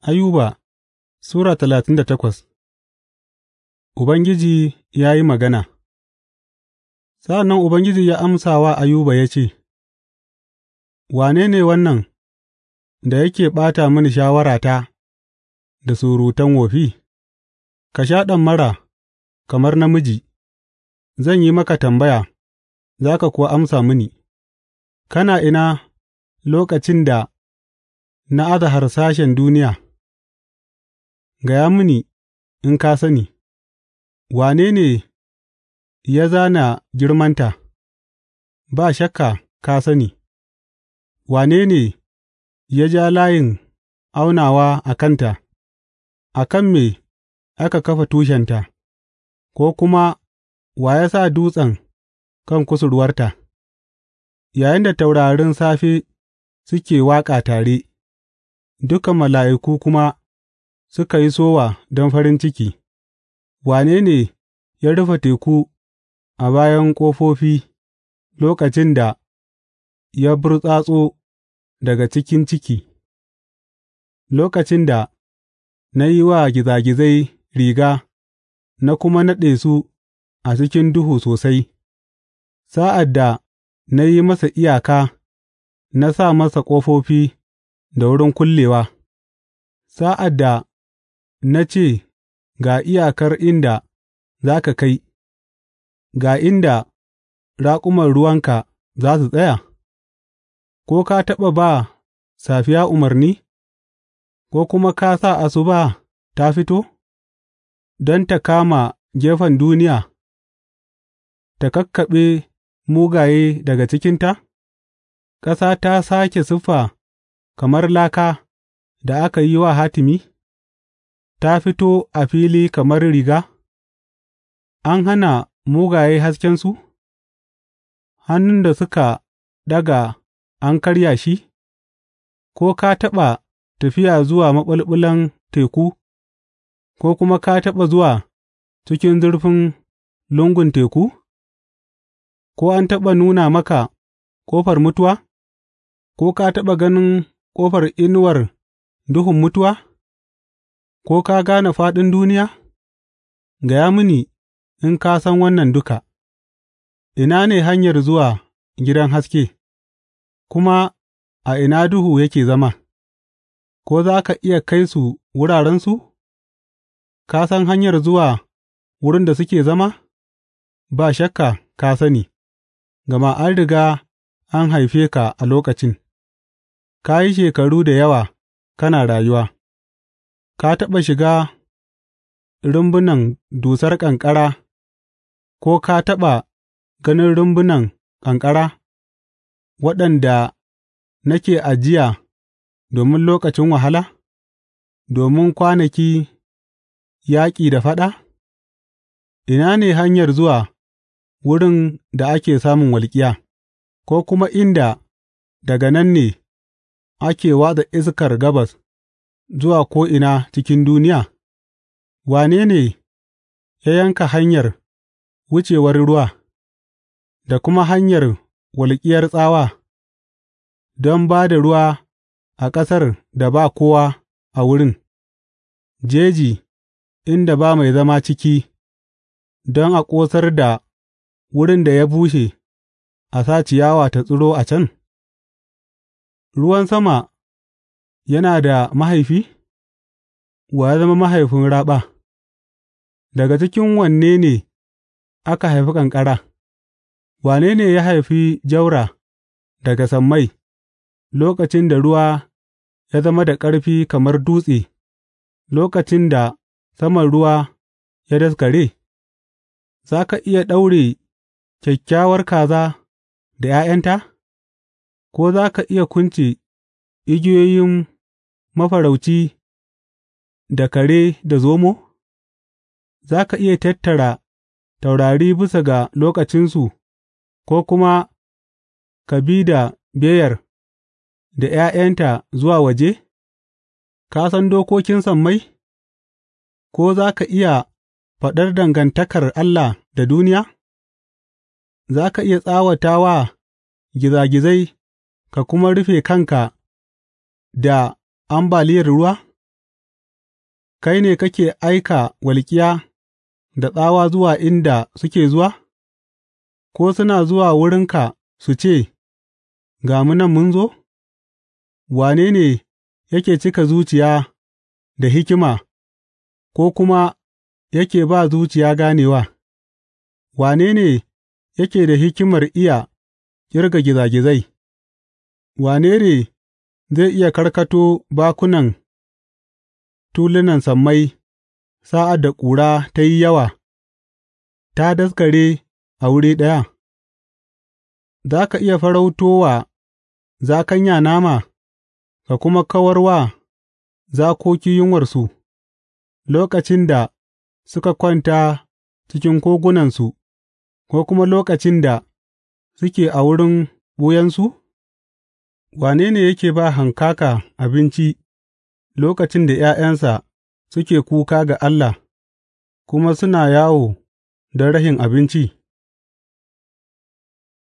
Ayuba Sura talatin da takwas Ubangiji ya yi magana Sa'an nan Ubangiji ya amsa wa Ayuba ya ce, Wane ne wannan da yake ɓata mini shawarata da surutan wofi? Ka sha ɗan mara kamar namiji, zan yi maka tambaya, za ka kuwa amsa mini, Kana ina lokacin da na aza harsashen duniya? Gaya mini, in ka sani, wane ne ya zana girmanta, ba shakka ka sani, wane ne ya ja layin aunawa a kanta, a kan me aka kafa tushenta, ko kuma wa ya sa dutsen kan kusurwarta, da taurarin safe suke waƙa tare, dukan mala'iku kuma. suka yi sowa don farin ciki, wane ne ya rufe teku a bayan ƙofofi lokacin da ya burtsatso daga cikin ciki, lokacin da na yi wa gizagizai riga na kuma naɗe su a cikin duhu sosai, sa'ad da na yi masa iyaka na sa masa ƙofofi da wurin kullewa, sa'ad da na ce, Ga iyakar inda za ka kai, ga inda raƙuman ruwanka za su tsaya, ko ka taɓa ba safiya umarni, ko kuma ka sa asuba ta fito, don ta kama gefen duniya, ta kakkaɓe mugaye daga cikinta? Ƙasa ta sake siffa kamar laka da aka yi wa hatimi? ta fito a fili kamar riga, an hana mugaye haskensu, hannun da suka ɗaga an karya shi, ko ka taɓa tafiya zuwa maɓulɓulan teku, ko kuma ka taɓa zuwa cikin zurfin lungun teku, ko an taɓa nuna maka ƙofar mutuwa, ko ka taɓa ganin ƙofar inuwar duhun mutuwa? Ko ka gane faɗin duniya? Gaya mini in ka san wannan duka, ina ne hanyar zuwa gidan haske, kuma a ina duhu yake zama, ko za ka iya kai su wurarensu? Ka san hanyar zuwa wurin da suke zama? Ba shakka ka sani, gama an riga an haife ka a lokacin, ka yi shekaru da yawa kana rayuwa. Ka taɓa shiga rumbunan dusar ƙanƙara, ko ka taɓa ganin rumbunan ƙanƙara, waɗanda nake ajiya domin lokacin wahala, domin kwanaki yaƙi da faɗa? Ina ne hanyar zuwa wurin da ake samun walƙiya, ko kuma inda daga nan ne ake watsa iskar gabas? zuwa ko'ina cikin duniya? Wane ne ya yanka hanyar wucewar ruwa, da kuma hanyar walƙiyar tsawa, don ba da ruwa a ƙasar da ba kowa a wurin, jeji inda ba mai zama ciki, don a ƙosar da wurin da ya bushe, a sa ciyawa ta tsiro a can? Ruwan sama Yana da mahaifi? Wa ya zama mahaifin raɓa, daga cikin wanne ne aka haifi ƙanƙara, wane ne ya haifi jaura daga sammai, lokacin da ruwa ya zama da ƙarfi kamar dutse, lokacin da saman ruwa ya daskare? Za ka iya ɗaure kyakkyawar kaza da ’ya'yanta, ko za ka iya kunce igiyoyin mafarauci da kare da zomo? Za ka iya tattara taurari bisa ga lokacinsu ko kuma ka bi da beyar da ’ya'yanta zuwa waje? Ka san dokokin sammai? Ko za ka iya faɗar dangantakar Allah da duniya? Za ka iya tsawata wa gizagizai ka kuma rufe kanka da ambaliyar ruwa? Kai ne kake aika walƙiya da tsawa zuwa inda suke zuwa? Ko suna zuwa wurinka su ce, Ga mu nan mun zo? Wane ne yake cika zuciya da hikima ko kuma yake ba zuciya ganewa? Wane ne yake da hikimar iya ƙirga gizagizai? Wane ne zai iya karkato bakunan tulunan sammai sa'ad da ƙura ta yi yawa ta daskare a wuri ɗaya? Za ka iya farauto wa zakanya nama, ka kuma kawar wa zakoki yunwarsu, lokacin da suka kwanta cikin kogunansu, ko kuma lokacin da suke a wurin ɓuyansu? Wane ne yake ba hankaka abinci lokacin da ’ya'yansa suke kuka ga Allah kuma suna yawo don rahin abinci?